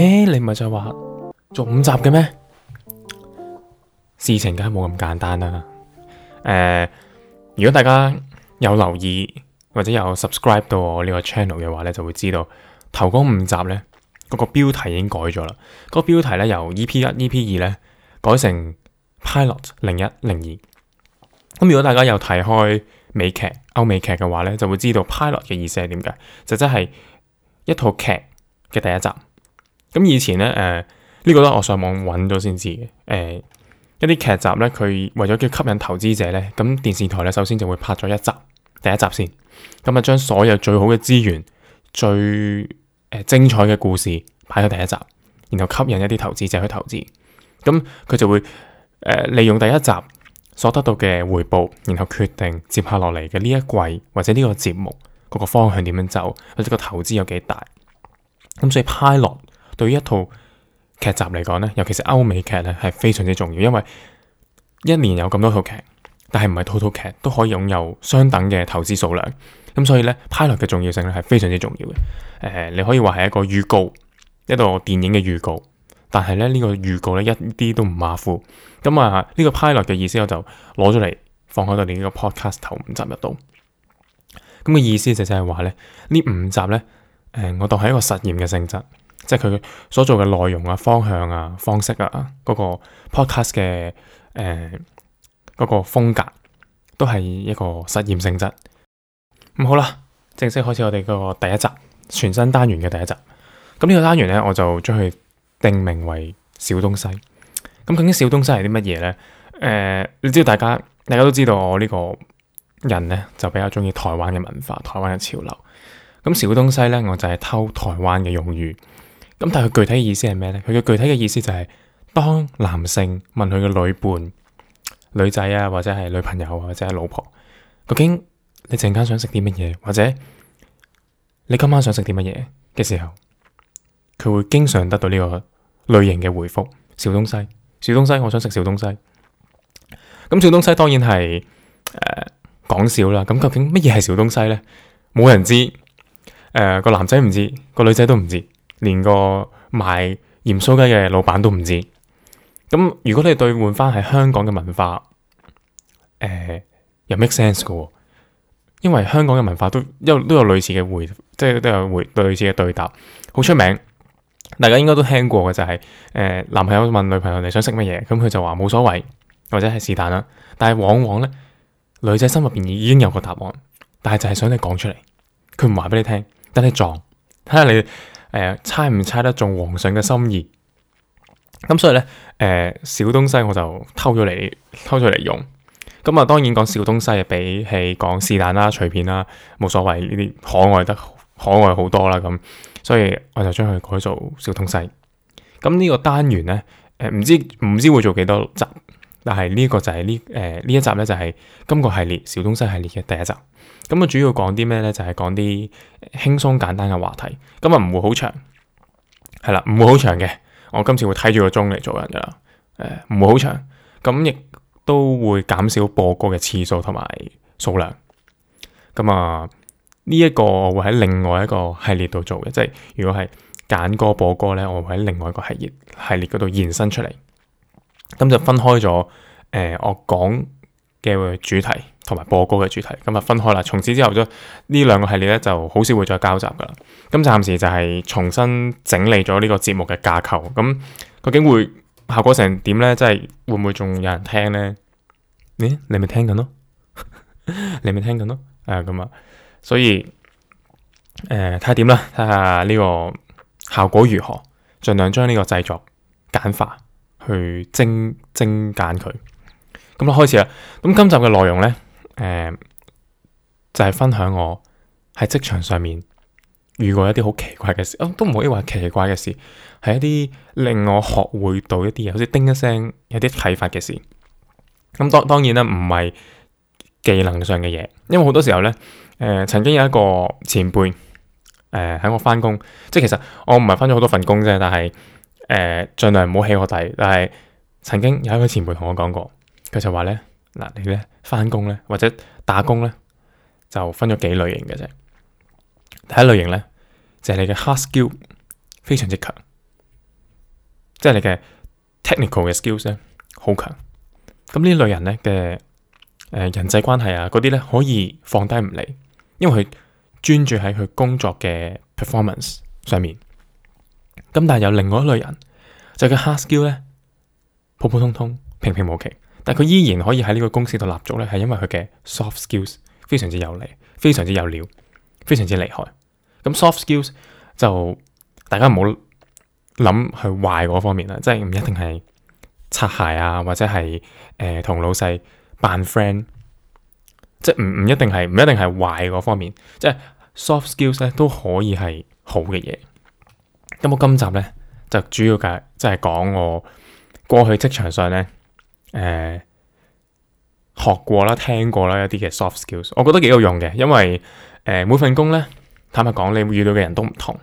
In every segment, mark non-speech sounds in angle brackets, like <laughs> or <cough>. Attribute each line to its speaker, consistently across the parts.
Speaker 1: 誒、欸，你唔係就話做五集嘅咩？事情梗係冇咁簡單啦。誒、呃，如果大家有留意或者有 subscribe 到我呢個 channel 嘅話呢，就會知道頭嗰五集呢，嗰、那個標題已經改咗啦。嗰、那個標題咧由 EP 一、EP 二呢改成 Pilot 零一、零二。咁如果大家有睇開美劇、歐美劇嘅話呢，就會知道 Pilot 嘅意思係點解，就即係一套劇嘅第一集。咁以前咧，誒、呃、呢、這個咧，我上網揾咗先知嘅。誒、呃、一啲劇集咧，佢為咗叫吸引投資者咧，咁電視台咧首先就會拍咗一集第一集先，咁啊將所有最好嘅資源、最、呃、精彩嘅故事擺喺第一集，然後吸引一啲投資者去投資。咁佢就會誒、呃、利用第一集所得到嘅回報，然後決定接下落嚟嘅呢一季或者呢個節目嗰個方向點樣走，或者個投資有幾大。咁所以拍落。對於一套劇集嚟講咧，尤其是歐美劇咧，係非常之重要，因為一年有咁多套劇，但係唔係套套劇都可以擁有相等嘅投資數量，咁所以呢，pilot 嘅重要性咧係非常之重要嘅。呃，你可以話係一個預告，一個電影嘅預告，但係咧呢個預告咧一啲都唔馬虎。咁啊，呢個 pilot 嘅意思我就攞咗嚟放喺度你呢個 podcast 頭五集入度。咁嘅意思就即係話咧，呢五集呢，呃、我當係一個實驗嘅性質。即係佢所做嘅內容啊、方向啊、方式啊，嗰個 podcast 嘅誒嗰個風格都係一個實驗性質。咁好啦，正式開始我哋嗰個第一集全新單元嘅第一集。咁呢個單元呢，我就將佢定名為小東西。咁究竟小東西係啲乜嘢呢？誒、呃，你知道大家大家都知道我呢個人呢就比較中意台灣嘅文化、台灣嘅潮流。咁小東西呢，我就係偷台灣嘅用語。咁但係佢具體嘅意思係咩呢？佢嘅具體嘅意思就係當男性問佢嘅女伴、女仔啊，或者係女朋友或者係老婆，究竟你陣間想食啲乜嘢，或者你今晚想食啲乜嘢嘅時候，佢會經常得到呢個類型嘅回覆：小東西、小東西，我想食小東西。咁小東西當然係誒講笑啦。咁究竟乜嘢係小東西呢？冇人知誒，個男仔唔知，個女仔都唔知。連個賣鹽酥雞嘅老闆都唔知。咁如果你對換翻喺香港嘅文化，誒、呃、又 make sense 嘅，哦，因為香港嘅文化都都有都有類似嘅回，即係都有回類似嘅對答，好出名，大家應該都聽過嘅就係、是、誒、呃、男朋友問女朋友你想食乜嘢？咁佢就話冇所謂或者係是但啦。但係往往呢，女仔心入邊已經有個答案，但係就係想你講出嚟，佢唔話俾你聽，等你撞睇下你。誒、呃，猜唔猜得中皇上嘅心意？咁所以咧，誒、呃，小東西我就偷咗嚟，偷咗嚟用。咁啊，當然講小東西比起講是但啦、隨便啦、冇所謂，呢啲可愛得可愛好多啦。咁所以我就將佢改做小東西。咁呢個單元咧，誒、呃，唔知唔知會做幾多集？但係呢個就係呢，誒，呢一集咧就係今個系列，小東西系列嘅第一集。咁啊主要講啲咩咧？就係講啲輕鬆簡單嘅話題。今日唔會好長，係啦，唔會好長嘅。我今次會睇住個鐘嚟做人噶啦，誒，唔會好長。咁亦都會減少播歌嘅次數同埋數量。咁啊呢一個我會喺另外一個系列度做嘅，即係如果係揀歌播歌咧，我會喺另外一個系列系列嗰度延伸出嚟。咁就分開咗，誒、呃、我講嘅主題同埋播歌嘅主題，咁啊分開啦。從此之後，呢兩個系列咧就好少會再交集㗎啦。咁暫時就係重新整理咗呢個節目嘅架構，咁究竟會效果成點呢？即係會唔會仲有人聽呢？你咪聽緊咯？你咪聽緊咯？ <laughs> 啊咁啊！所以誒睇下點啦，睇下呢個效果如何，盡量將呢個製作簡化。去精精簡佢，咁啦開始啦。咁今集嘅內容呢，誒、呃，就係、是、分享我喺職場上面遇過一啲好奇怪嘅事，啊、哦，都唔可以話奇怪嘅事，係一啲令我學會到一啲嘢，好似叮一聲有啲啟發嘅事。咁當當然啦，唔係技能上嘅嘢，因為好多時候呢，誒、呃，曾經有一個前輩，誒、呃，喺我翻工，即係其實我唔係翻咗好多份工啫，但係。誒，盡量唔好起我底。但係曾經有一個前輩同我講過，佢就話咧，嗱你咧翻工咧或者打工咧，就分咗幾類型嘅啫。第一類型咧就係你嘅 hard skill 非常之強，即係你嘅 technical 嘅 skills 咧好強。咁呢類人咧嘅誒人際關係啊嗰啲咧可以放低唔嚟，因為佢專注喺佢工作嘅 performance 上面。咁但係有另外一類人，就叫 hard skills 咧，普普通通，平平無奇，但佢依然可以喺呢個公司度立足咧，係因為佢嘅 soft skills 非常之有利，非常之有料，非常之厲害。咁 soft skills 就大家唔好諗去壞嗰方面啦，即係唔一定係擦鞋啊，或者係誒同老細扮 friend，即係唔唔一定係唔一定係壞嗰方面，即係 soft skills 咧都可以係好嘅嘢。咁我今集咧就主要嘅即係講我過去職場上咧誒、呃、學過啦、聽過啦一啲嘅 soft skills，我覺得幾有用嘅，因為誒、呃、每份工咧坦白講你會遇到嘅人都唔同，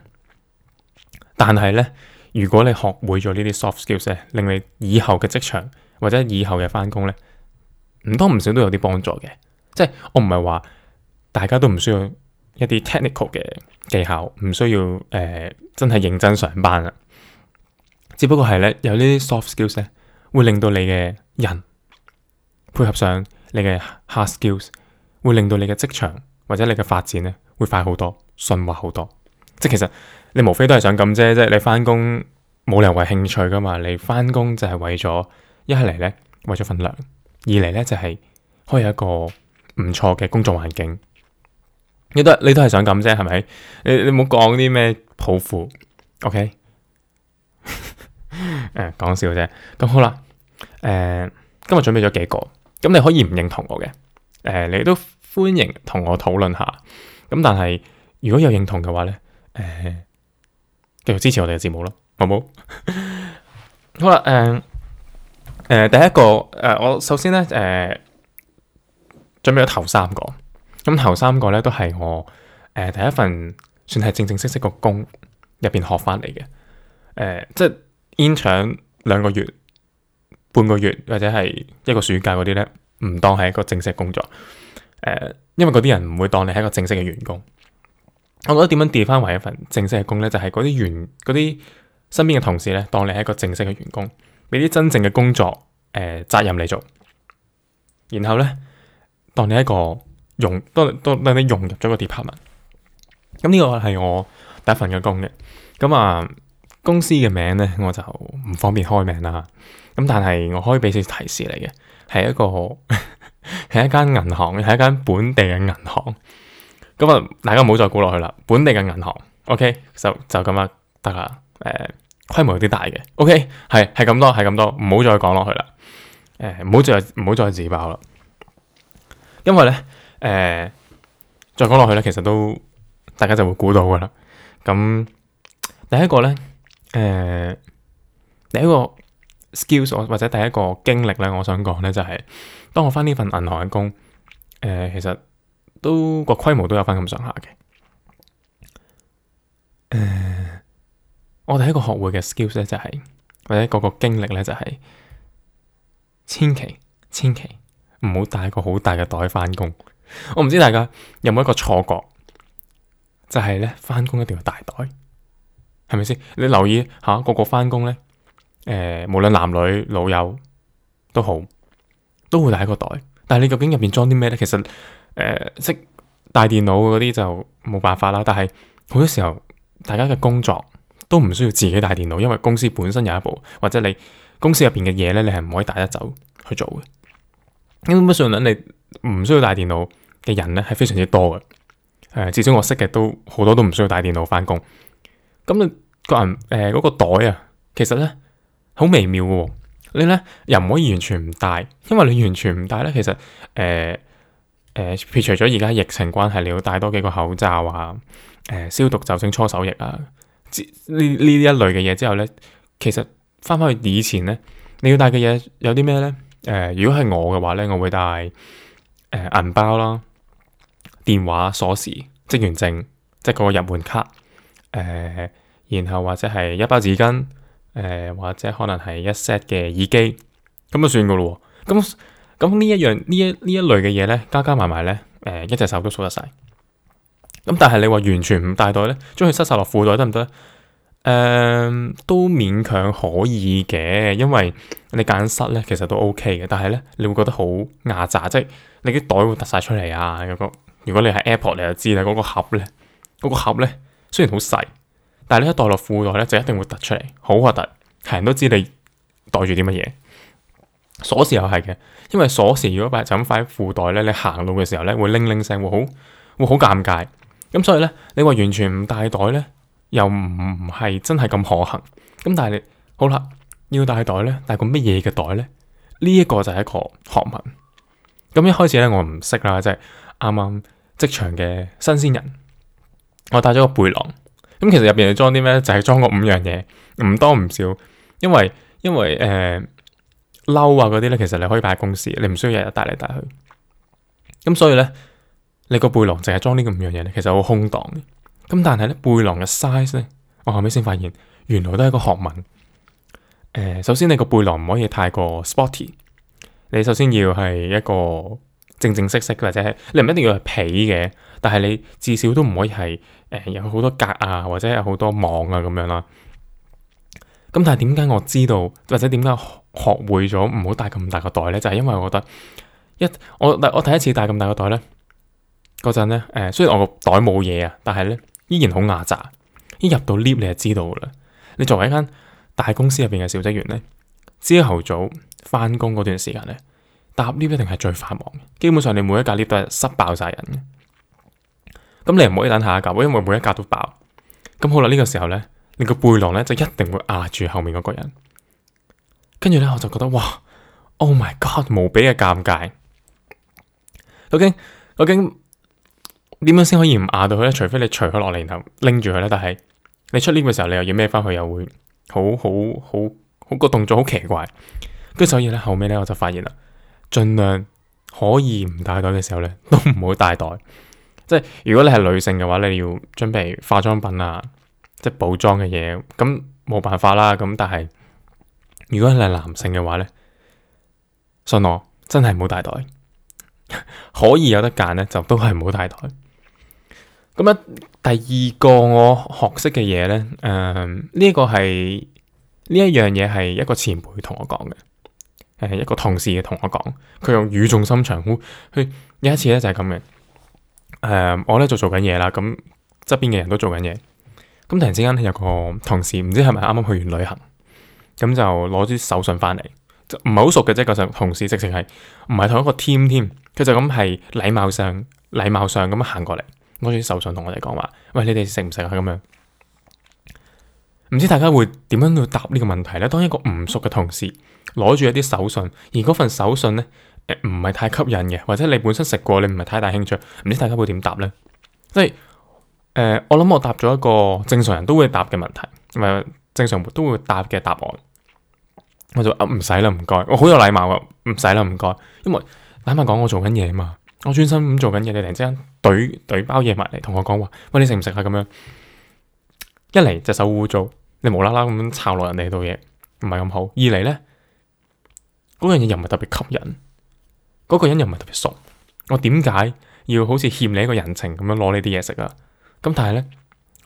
Speaker 1: 但係咧如果你學會咗呢啲 soft skills 咧，令你以後嘅職場或者以後嘅翻工咧唔多唔少都有啲幫助嘅，即係我唔係話大家都唔需要。一啲 technical 嘅技巧唔需要，誒、呃，真係認真上班啊，只不過係咧，有呢啲 soft skills 咧，會令到你嘅人配合上你嘅 hard skills，會令到你嘅職場或者你嘅發展咧會快好多，順滑好多。即其實你無非都係想咁啫，即係你翻工冇理由為興趣噶嘛，你翻工就係為咗一係嚟咧，為咗份糧；二嚟咧就係、是、可以有一個唔錯嘅工作環境。你都你都係想咁啫，係咪？你你唔好講啲咩抱負，OK？ <laughs> 嗯，誒，講笑啫。咁好啦，誒，今日準備咗幾個，咁你可以唔認同我嘅，誒、呃，你都歡迎同我討論下。咁但係如果有認同嘅話咧，誒、呃，繼續支持我哋嘅節目咯，好唔好？ <laughs> 好啦，誒、呃，誒、呃，第一個，誒、呃，我首先咧，誒、呃，準備咗頭三個。咁頭三個咧，都係我誒、呃、第一份算係正正式式個工入邊學翻嚟嘅誒，即係 intern 兩個月、半個月或者係一個暑假嗰啲咧，唔當係一個正式工作誒、呃，因為嗰啲人唔會當你係一個正式嘅員工。我覺得點樣調翻為一份正式嘅工咧，就係嗰啲員啲身邊嘅同事咧，當你係一個正式嘅員工，俾啲真正嘅工作誒、呃、責任嚟做，然後咧當你係一個。融都都俾你融入咗個 department。咁、嗯、呢、這個係我第一份嘅工嘅。咁、嗯、啊，公司嘅名咧我就唔方便開名啦。咁、嗯、但係我可以俾少提示你嘅，係一個係 <laughs> 一間銀行，係一間本地嘅銀行。咁、嗯、啊，大家唔好再估落去啦。本地嘅銀行，OK 就就咁啊得啦。誒、呃，規模有啲大嘅，OK 係係咁多係咁多，唔好再講落去啦。誒、呃，唔好再唔好再自爆啦，因為咧。誒、呃，再講落去咧，其實都大家就會估到㗎喇。咁第一個咧，誒，第一個 skills、呃、或者第一個經歷咧，我想講咧就係、是，當我返呢份銀行嘅工，誒、呃，其實都個規模都有返咁上下嘅。誒、呃，我第一個學會嘅 skills 咧就係、是，或者個個經歷咧就係、是，千祈千祈唔好帶個好大嘅袋返工。我唔知大家有冇一個錯覺，就係咧翻工，一定要帶袋，係咪先？你留意下、啊、個個翻工咧，誒、呃，無論男女老幼都好，都會帶一個袋。但係你究竟入邊裝啲咩咧？其實誒、呃，識帶電腦嗰啲就冇辦法啦。但係好多時候大家嘅工作都唔需要自己帶電腦，因為公司本身有一部，或者你公司入邊嘅嘢咧，你係唔可以帶得走去做嘅。基本上，你唔需要帶電腦嘅人咧，係非常之多嘅。誒、呃，至少我識嘅都好多都唔需要帶電腦返工。咁你個人誒嗰、呃嗰個袋啊，其實咧好微妙嘅、哦。你咧又唔可以完全唔帶，因為你完全唔帶咧，其實誒誒撇除咗而家疫情關係你要帶多幾個口罩啊、誒、呃、消毒酒精、搓手液啊，呢呢一類嘅嘢之後咧，其實返返去以前咧，你要帶嘅嘢有啲咩咧？誒、呃，如果係我嘅話咧，我會帶誒銀包啦、電話鎖匙、職員證、即係嗰個入門卡，誒、呃，然後或者係一包紙巾，誒、呃，或者可能係一 set 嘅耳機，咁就算噶咯。咁咁呢一樣呢一呢一類嘅嘢咧，加加埋埋咧，誒、呃，一隻手都數得晒。咁但係你話完全唔帶袋咧，將佢塞晒落褲袋得唔得咧？誒，uh, 都勉強可以嘅，因為你揀失咧，其實都 OK 嘅。但係咧，你會覺得好壓榨，即係你啲袋會突晒出嚟啊！如果如果你係 AirPods，你就知啦。嗰、嗰個盒咧，嗰、嗰個盒咧，雖然好細，但係你一袋落褲袋咧，就一定會突出嚟，好核突，係人都知你袋住啲乜嘢。鎖匙又係嘅，因為鎖匙如果擺就咁擺喺褲袋咧，你行路嘅時候咧，會拎拎聲，會好會好尷尬。咁所以咧，你話完全唔帶袋咧？又唔係真係咁可行，咁但係你好啦，要帶袋咧，帶個乜嘢嘅袋咧？呢、這、一個就係一個學問。咁一開始咧，我唔識啦，即係啱啱職場嘅新鮮人，我帶咗個背囊。咁其實入邊係裝啲咩就係、是、裝個五樣嘢，唔多唔少。因為因為誒、褸、呃、啊嗰啲咧，其實你可以擺喺公司，你唔需要日日帶嚟帶去。咁所以咧，你個背囊淨係裝呢個五樣嘢咧，其實好空蕩嘅。咁但係咧，背囊嘅 size 咧，我後尾先發現原來都係個學問。誒、呃，首先你個背囊唔可以太過 sporty，你首先要係一個正正式式，或者你唔一定要係皮嘅，但係你至少都唔可以係誒、呃、有好多格啊或者有好多網啊咁樣啦、啊。咁、嗯、但係點解我知道或者點解學會咗唔好帶咁大個袋咧？就係、是、因為我覺得一我我第一次帶咁大個袋咧嗰陣咧，誒、呃、雖然我個袋冇嘢啊，但係咧。依然好壓榨。一入到 lift，你就知道噶啦。你作為一間大公司入邊嘅小職員呢，朝頭早翻工嗰段時間呢，搭 lift 一定係最繁忙嘅。基本上你每一格 lift 都係塞爆晒人嘅。咁你唔可以等下一格，因為每一格都爆。咁好啦，呢個時候呢，你個背囊呢就一定會壓住後面嗰個人。跟住呢，我就覺得哇，Oh my God，無比嘅尷尬。究竟？OK, okay? 點樣先可以唔壓到佢呢？除非你除佢落嚟，然後拎住佢呢。但係你出呢個時候，你又要孭翻佢，又會好好好好個動作好奇怪。跟住所以呢，後尾呢，我就發現啦，盡量可以唔帶袋嘅時候呢，都唔好帶袋。即係如果你係女性嘅話，你要準備化妝品啊，即係補妝嘅嘢，咁冇辦法啦。咁但係如果你係男性嘅話呢，信我真係唔好帶袋。 <laughs> 可以有得揀呢，就都係唔好帶袋。咁啊，第二個我學識嘅嘢咧，誒、呃、呢、呢個係呢一樣嘢係一個前輩同我講嘅，誒一個同事嘅同我講，佢用語重心長，佢有一次咧就係咁嘅，誒、呃、我咧就做緊嘢啦，咁側邊嘅人都做緊嘢，咁突然之間有個同事唔知係咪啱啱去完旅行，咁就攞啲手信翻嚟，就唔係好熟嘅啫，嗰同事直情係唔係同一個 team 添，佢就咁係禮貌上禮貌上咁行過嚟。攞住啲手信同我哋講話，喂，你哋食唔食啊？咁樣，唔知大家會點樣去答呢個問題呢？當一個唔熟嘅同事攞住一啲手信，而嗰份手信呢，誒、呃，唔係太吸引嘅，或者你本身食過，你唔係太大興趣，唔知大家會點答呢？即係，誒、呃，我諗我答咗一個正常人都會答嘅問題，呃、正常都會答嘅答案，我就唔使啦，唔該，我好有禮貌啊，唔使啦，唔該，因為坦白講我做緊嘢啊嘛。我專心咁做緊嘢，你突然之間，懟懟包嘢物嚟，同我講話，喂，你食唔食啊？咁樣，一嚟隻手污糟，你無啦啦咁抄落人哋度嘢，唔係咁好；二嚟呢，嗰樣嘢又唔係特別吸引，嗰個人又唔係特別熟，我點解要好似欠你一個人情咁樣攞你啲嘢食啊？咁但係呢，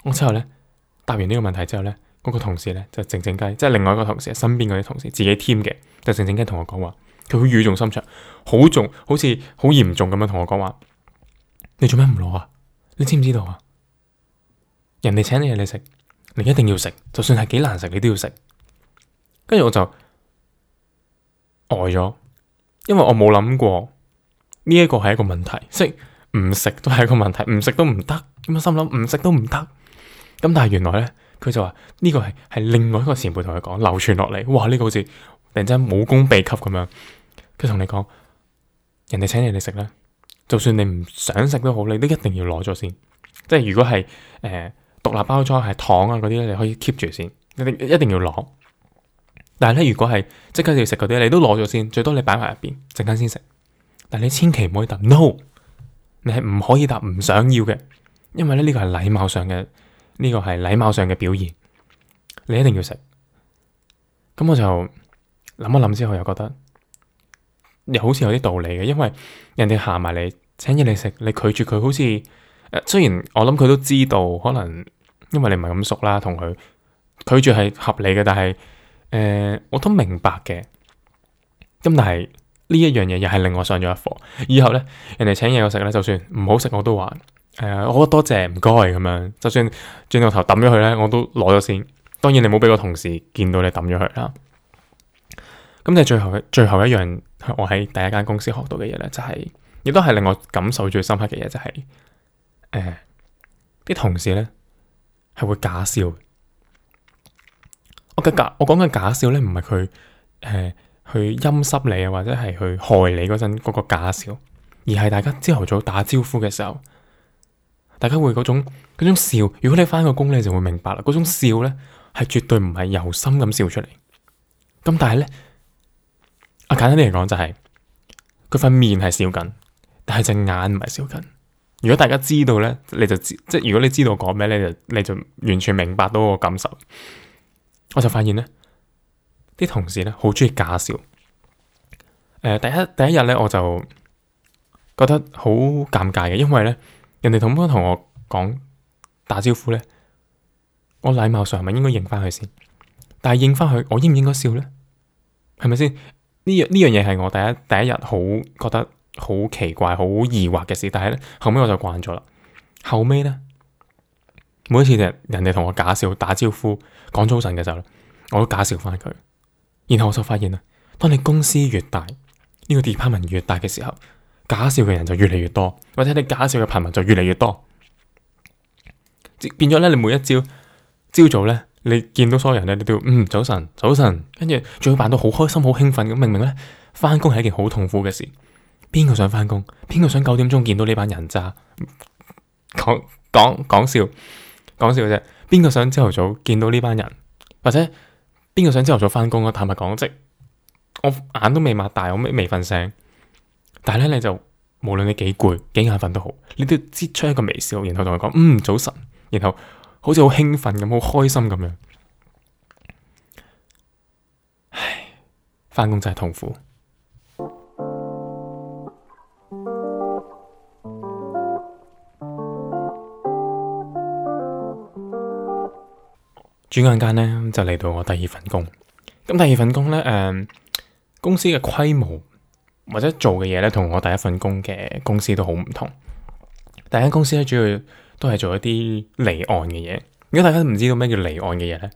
Speaker 1: 我之後呢，答完呢個問題之後呢，嗰個同事呢，就靜靜雞，即係另外一個同事，身邊嗰啲同事自己 team 嘅，就靜靜雞同我講話。佢好語重心長，好重，好似好嚴重咁樣同我講話：你做咩唔攞啊？你知唔知道啊？人哋請你嘢你食，你一定要食，就算係幾難食，你都要食。跟住我就呆咗，因為我冇諗過呢一個係一個問題，即係唔食都係一個問題，唔食都唔得。咁樣心諗唔食都唔得。咁但係原來咧，佢就話呢個係係另外一個前輩同佢講流傳落嚟，哇！呢、這個好似突然間武功秘笈咁樣。佢同你講，人哋請你哋食咧，就算你唔想食都好，你都一定要攞咗先。即係如果係誒獨立包裝係糖啊嗰啲咧，你可以 keep 住先。一定一定要攞。但係咧，如果係即刻要食嗰啲，你都攞咗先。最多你擺埋入邊，陣間先食。但你千祈唔可以答 no，你係唔可以答唔想要嘅，因為咧呢個係禮貌上嘅，呢個係禮貌上嘅表現，你一定要食。咁我就諗一諗之後又覺得，又好似有啲道理嘅，因為人哋行埋嚟請嘢你食，你拒絕佢，好似誒，雖然我諗佢都知道，可能因為你唔係咁熟啦，同佢拒絕係合理嘅。但係誒，我都明白嘅。咁但係呢一樣嘢又係令我上咗一課。以後呢，人哋請嘢我食呢，就算唔好食，我都話誒，我多謝唔該咁樣。就算轉個頭抌咗佢呢，我都攞咗先。當然你冇俾個同事見到你抌咗佢啦。咁就最後最後一樣。我喺第一間公司學到嘅嘢咧，就係，亦都係令我感受最深刻嘅嘢，就係誒啲同事咧係會假笑。我嘅假我講嘅假笑咧，唔係佢誒去陰濕你啊，或者係去害你嗰陣嗰個假笑，而係大家朝頭早打招呼嘅時候，大家會嗰種嗰種笑。如果你翻個工咧，就會明白啦。嗰種笑咧係絕對唔係由心咁笑出嚟。咁但係咧。啊，簡單啲嚟講就係佢塊面係笑緊，但係隻眼唔係笑緊。如果大家知道咧，你就知，即係如果你知道我講咩咧，你就你就完全明白到我感受。我就發現咧，啲同事咧好中意假笑。誒、呃，第一第一日咧我就覺得好尷尬嘅，因為咧人哋同我講打招呼咧，我禮貌上係咪應該應翻佢先？但係應翻佢，我應唔應該笑咧？係咪先？呢樣呢樣嘢係我第一第一日好覺得好奇怪、好疑惑嘅事，但係咧後尾我就慣咗啦。後尾咧，每一次人哋同我假笑打招呼、講早晨嘅時候，我都假笑翻佢。然後我就發現啊，當你公司越大，呢個 department 越大嘅時候，假笑嘅人就越嚟越多，或者你假笑嘅排名就越嚟越多，變咗咧你每一朝朝早咧。你見到所有人咧，你都要嗯早晨，早晨，跟住仲要扮到好開心、好興奮咁，明明咧翻工係一件好痛苦嘅事，邊個想翻工？邊個想九點鐘見到呢班人渣？講講講笑，講笑嘅啫。邊個想朝頭早見到呢班人？或者邊個想朝頭早翻工啊？坦白講，即我眼都未擘大，我未未瞓醒。但係咧，你就無論你幾攰、幾眼瞓都好，你都要擠出一個微笑，然後同佢講嗯早晨，然後。好似好興奮咁，好開心咁樣。唉，翻工真係痛苦。轉眼間呢，就嚟到我第二份工。咁第二份工呢，誒、呃，公司嘅規模或者做嘅嘢呢，同我第一份工嘅公司都好唔同。第一間公司咧，主要。都係做一啲離岸嘅嘢。如果大家唔知道咩叫離岸嘅嘢呢，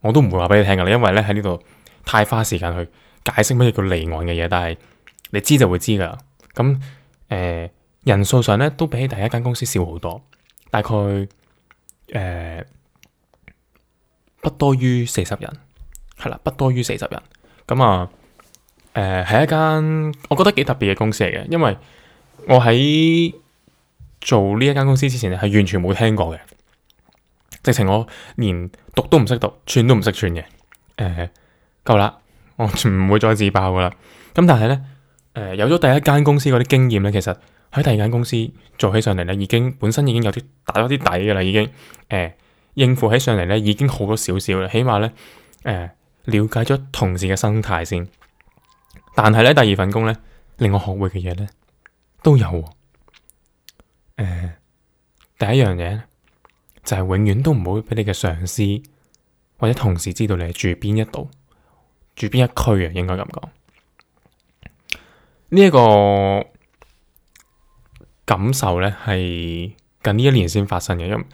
Speaker 1: 我都唔會話俾你聽噶啦。因為咧喺呢度太花時間去解釋咩叫離岸嘅嘢，但係你知就會知噶啦。咁誒、呃、人數上呢都比起第一間公司少好多，大概誒不多於四十人，係、呃、啦，不多於四十人。咁啊誒係一間我覺得幾特別嘅公司嚟嘅，因為我喺。做呢一間公司之前係完全冇聽過嘅，直情我連讀都唔識讀，串都唔識串嘅。誒、呃，夠啦，我唔會再自爆噶啦。咁但係呢，誒、呃、有咗第一間公司嗰啲經驗呢，其實喺第二間公司做起上嚟呢，已經本身已經有啲打咗啲底噶啦，已經誒、呃、應付起上嚟呢，已經好咗少少啦。起碼呢，誒、呃、了解咗同事嘅生態先。但係呢，第二份工呢，令我學會嘅嘢呢，都有、哦。呃、第一樣嘢咧，就係、是、永遠都唔會俾你嘅上司或者同事知道你住邊一度，住邊一區啊，應該咁講。呢、這、一個感受咧，係近呢一年先發生嘅，因、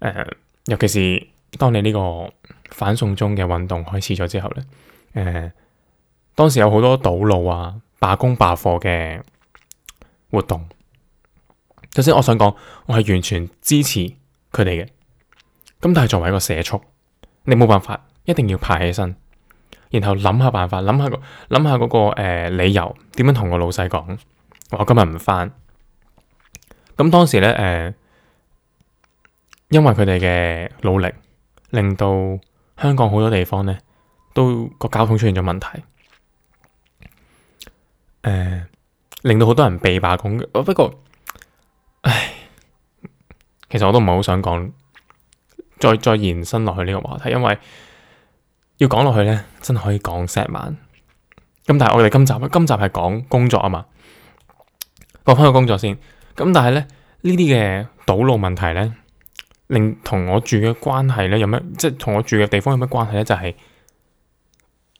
Speaker 1: 呃、誒，尤其是當你呢個反送中嘅運動開始咗之後咧，誒、呃，當時有好多堵路啊、罷工、罷課嘅活動。首先我想講，我係完全支持佢哋嘅。咁但係作為一個社畜，你冇辦法一定要爬起身，然後諗下辦法，諗下、那個諗下嗰個理由點樣同個老細講，我今日唔返。咁、嗯、當時咧誒、呃，因為佢哋嘅努力，令到香港好多地方咧都個交通出現咗問題，誒、呃、令到好多人被罷工、哦。不過。其實我都唔係好想講，再再延伸落去呢個話題，因為要講落去呢，真係可以講成晚。咁但係我哋今集今集係講工作啊嘛，講返個工作先。咁但係呢，呢啲嘅堵路問題呢，令同我住嘅關係呢，有咩？即係同我住嘅地方有咩關係呢？就係、是、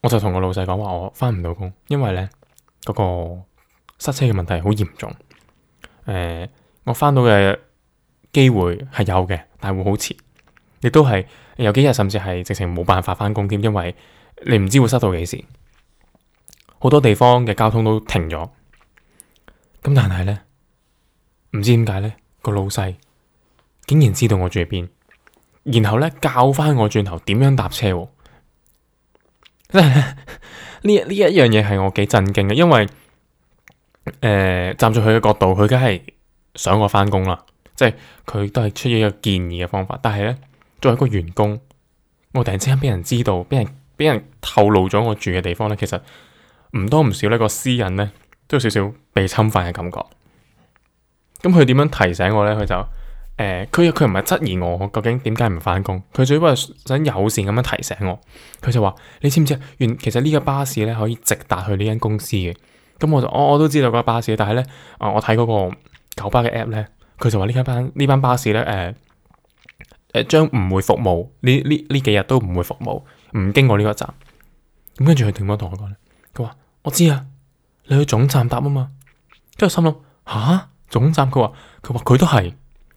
Speaker 1: 我就同我老細講話我返唔到工，因為呢，嗰、那個塞車嘅問題好嚴重。誒、呃，我返到嘅。機會係有嘅，但係會好遲，亦都係有幾日，甚至係直情冇辦法翻工添，因為你唔知會塞到幾時，好多地方嘅交通都停咗。咁但係呢，唔知點解呢，個老細竟然知道我住喺邊，然後呢，教翻我轉頭點樣搭車。呢 <laughs> 呢一樣嘢係我幾震驚嘅，因為誒、呃，站在佢嘅角度，佢梗係想我翻工啦。即係佢都係出咗一個建議嘅方法，但係咧，作為一個員工，我突然之間俾人知道、俾人俾人透露咗我住嘅地方咧，其實唔多唔少呢、個私隱咧都有少少被侵犯嘅感覺。咁佢點樣提醒我咧？佢就誒，佢佢唔係質疑我究竟點解唔返工，佢只不過想友善咁樣提醒我。佢就話：你知唔知啊？原其實呢個巴士咧可以直達去呢間公司嘅。咁我就我、哦、我都知道嗰個巴士，但係咧啊，我睇嗰個九巴嘅 app 咧。佢就話呢班呢班巴士咧，誒、呃、誒，將唔會服務，呢呢呢幾日都唔會服務，唔經過呢個站。咁跟住佢點樣同我講咧？佢話我知啊，你去總站搭啊嘛。跟住心諗，吓？總站？佢話佢話佢都係。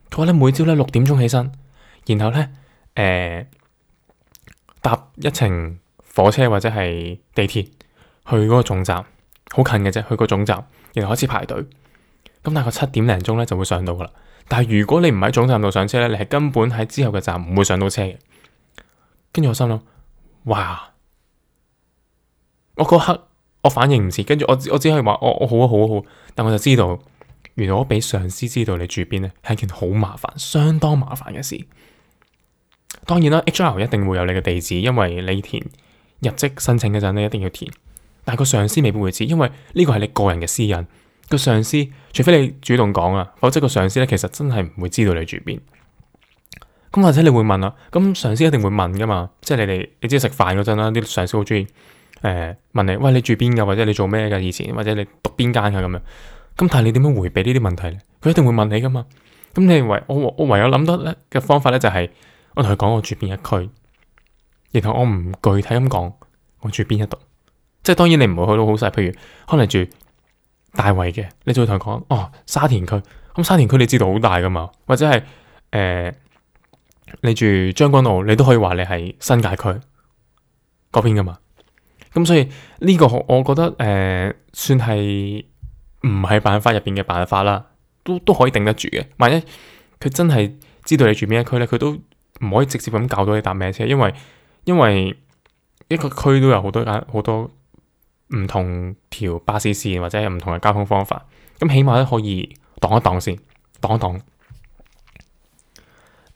Speaker 1: 佢話咧每朝咧六點鐘起身，然後咧誒搭一程火車或者係地鐵去嗰個總站，好近嘅啫，去個總站，然後開始排隊。咁大概七點零鐘咧就會上到噶啦，但係如果你唔喺總站度上車咧，你係根本喺之後嘅站唔會上到車嘅。跟住我心諗，哇！我嗰刻我反應唔切。跟住我我只可以話我我好啊好啊好，但我就知道，原來我俾上司知道你住邊咧係一件好麻煩、相當麻煩嘅事。當然啦，HR 一定會有你嘅地址，因為你填入職申請嗰陣你一定要填，但係個上司未必會知，因為呢個係你個人嘅私隱。個上司除非你主動講啊，否則個上司咧其實真係唔會知道你住邊。咁或者你會問啦，咁上司一定會問噶嘛，即係你哋，你知食飯嗰陣啦，啲上司好中意誒問你，喂，你住邊噶，或者你做咩噶以前，或者你讀邊間噶咁樣。咁但係你點樣回避呢啲問題咧？佢一定會問你噶嘛。咁你唯我我唯有諗到嘅方法咧就係我同佢講我住邊一區，然後我唔具體咁講我住邊一度。即係當然你唔會去到好細，譬如可能住，大圍嘅，你就會同佢講哦，沙田區，咁、嗯、沙田區你知道好大噶嘛，或者係誒、呃，你住將軍澳，你都可以話你係新界區嗰邊噶嘛，咁、嗯、所以呢、這個我我覺得誒、呃，算係唔係辦法入邊嘅辦法啦，都都可以頂得住嘅。萬一佢真係知道你住邊一區咧，佢都唔可以直接咁教到你搭咩車，因為因為一個區都有好多間好多。唔同條巴士線或者係唔同嘅交通方法，咁起碼咧可以擋一擋先，擋一擋。誒、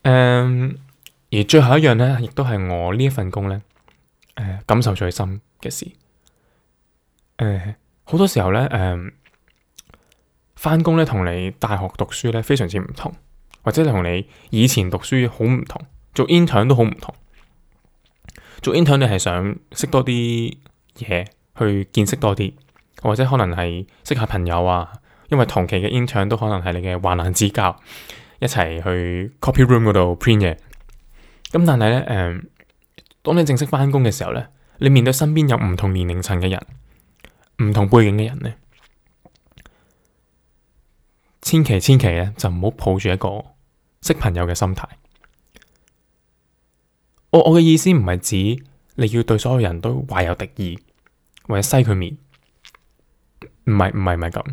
Speaker 1: 嗯，而最後一樣咧，亦都係我呢一份工咧，誒、呃，感受最深嘅事。誒、呃，好多時候咧，誒、呃，返工咧同你大學讀書咧非常之唔同，或者同你以前讀書好唔同，做 intern 都好唔同。做 intern 你係想識多啲嘢。去見識多啲，或者可能係識下朋友啊。因為同期嘅 intern 都可能係你嘅患難之交，一齊去 copy room 嗰度 print 嘢。咁但係咧，誒、嗯，當你正式翻工嘅時候咧，你面對身邊有唔同年齡層嘅人，唔同背景嘅人咧，千祈千祈咧就唔好抱住一個識朋友嘅心態。我我嘅意思唔係指你要對所有人都懷有敵意。或者西佢面，唔係唔係唔係咁，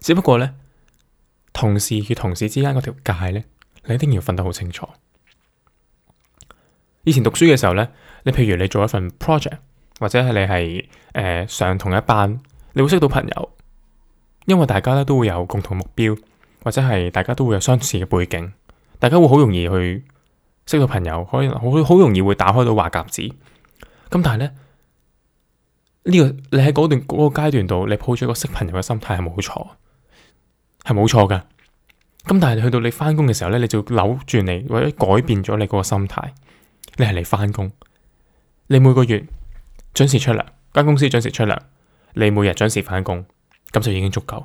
Speaker 1: 只不過呢，同事與同事之間嗰條界呢，你一定要分得好清楚。以前讀書嘅時候呢，你譬如你做一份 project，或者係你係誒、呃、上同一班，你會識到朋友，因為大家呢都會有共同目標，或者係大家都會有相似嘅背景，大家會好容易去識到朋友，可以好好容易會打開到話匣子。咁但係呢。呢、這個你喺嗰段嗰、那個階段度，你抱住一個識朋友嘅心態係冇錯，係冇錯噶。咁但係去到你翻工嘅時候咧，你就扭轉你或者改變咗你嗰個心態。你係嚟翻工，你每個月準時出糧，間公司準時出糧，你每日準時翻工，咁就已經足夠。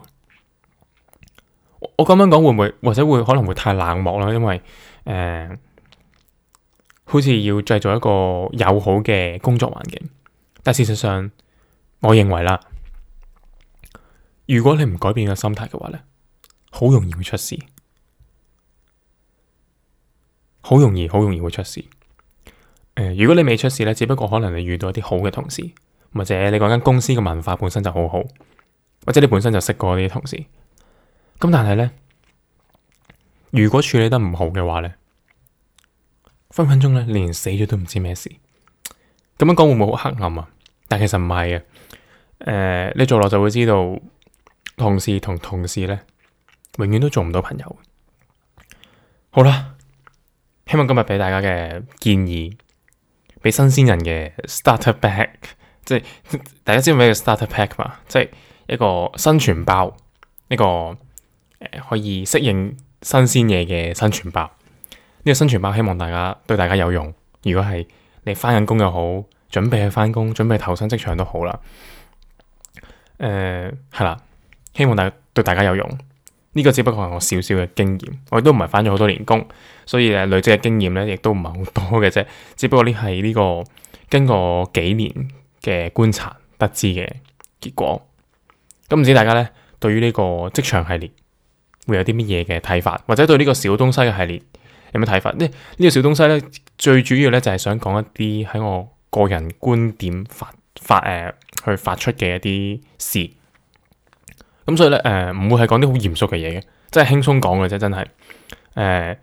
Speaker 1: 我咁樣講會唔會，或者會可能會太冷漠啦？因為誒、呃，好似要製造一個友好嘅工作環境，但事實上。我認為啦，如果你唔改變個心態嘅話呢，好容易會出事，好容易，好容易會出事。呃，如果你未出事呢，只不過可能你遇到一啲好嘅同事，或者你嗰間公司嘅文化本身就好好，或者你本身就識過呢啲同事。咁但係呢，如果處理得唔好嘅話呢，分分鐘呢連死咗都唔知咩事。咁樣講會唔會好黑暗啊？但其實唔係啊。誒、呃，你做落就會知道，同事同同事咧，永遠都做唔到朋友。好啦，希望今日俾大家嘅建議，俾新鮮人嘅 starter pack，即係大家知道咩叫 starter pack 嘛？即係一個生存包，一個、呃、可以適應新鮮嘢嘅生存包。呢、這個生存包希望大家對大家有用。如果係你翻緊工又好，準備去翻工，準備投身職場都好啦。誒，係啦、嗯，希望大家對大家有用。呢，這個只不過係我少少嘅經驗，我亦都唔係返咗好多年工，所以誒累積嘅經驗咧，亦都唔係好多嘅啫。只不過呢係呢個經過幾年嘅觀察得知嘅結果。咁、嗯、唔知大家咧，對於呢個職場系列會有啲乜嘢嘅睇法，或者對呢個小東西嘅系列有咩睇法？呢呢、這個小東西咧，最主要咧就係、是、想講一啲喺我個人觀點法。發誒、呃、去發出嘅一啲事，咁所以咧誒唔會係講啲好嚴肅嘅嘢嘅，即係輕鬆講嘅啫。真係誒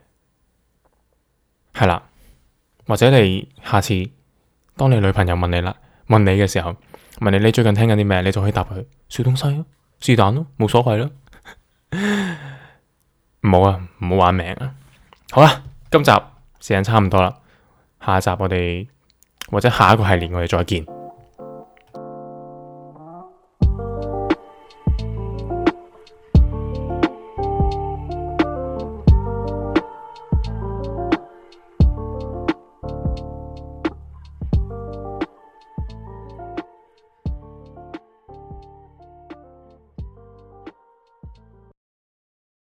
Speaker 1: 係啦，或者你下次當你女朋友問你啦，問你嘅時候，問你你最近聽緊啲咩，你就可以答佢小東西咯，是但咯，冇所謂咯。唔好啊，唔好、啊啊 <laughs> 啊、玩命啊。好啦、啊，今集時間差唔多啦，下一集我哋或者下一個系列我哋再見。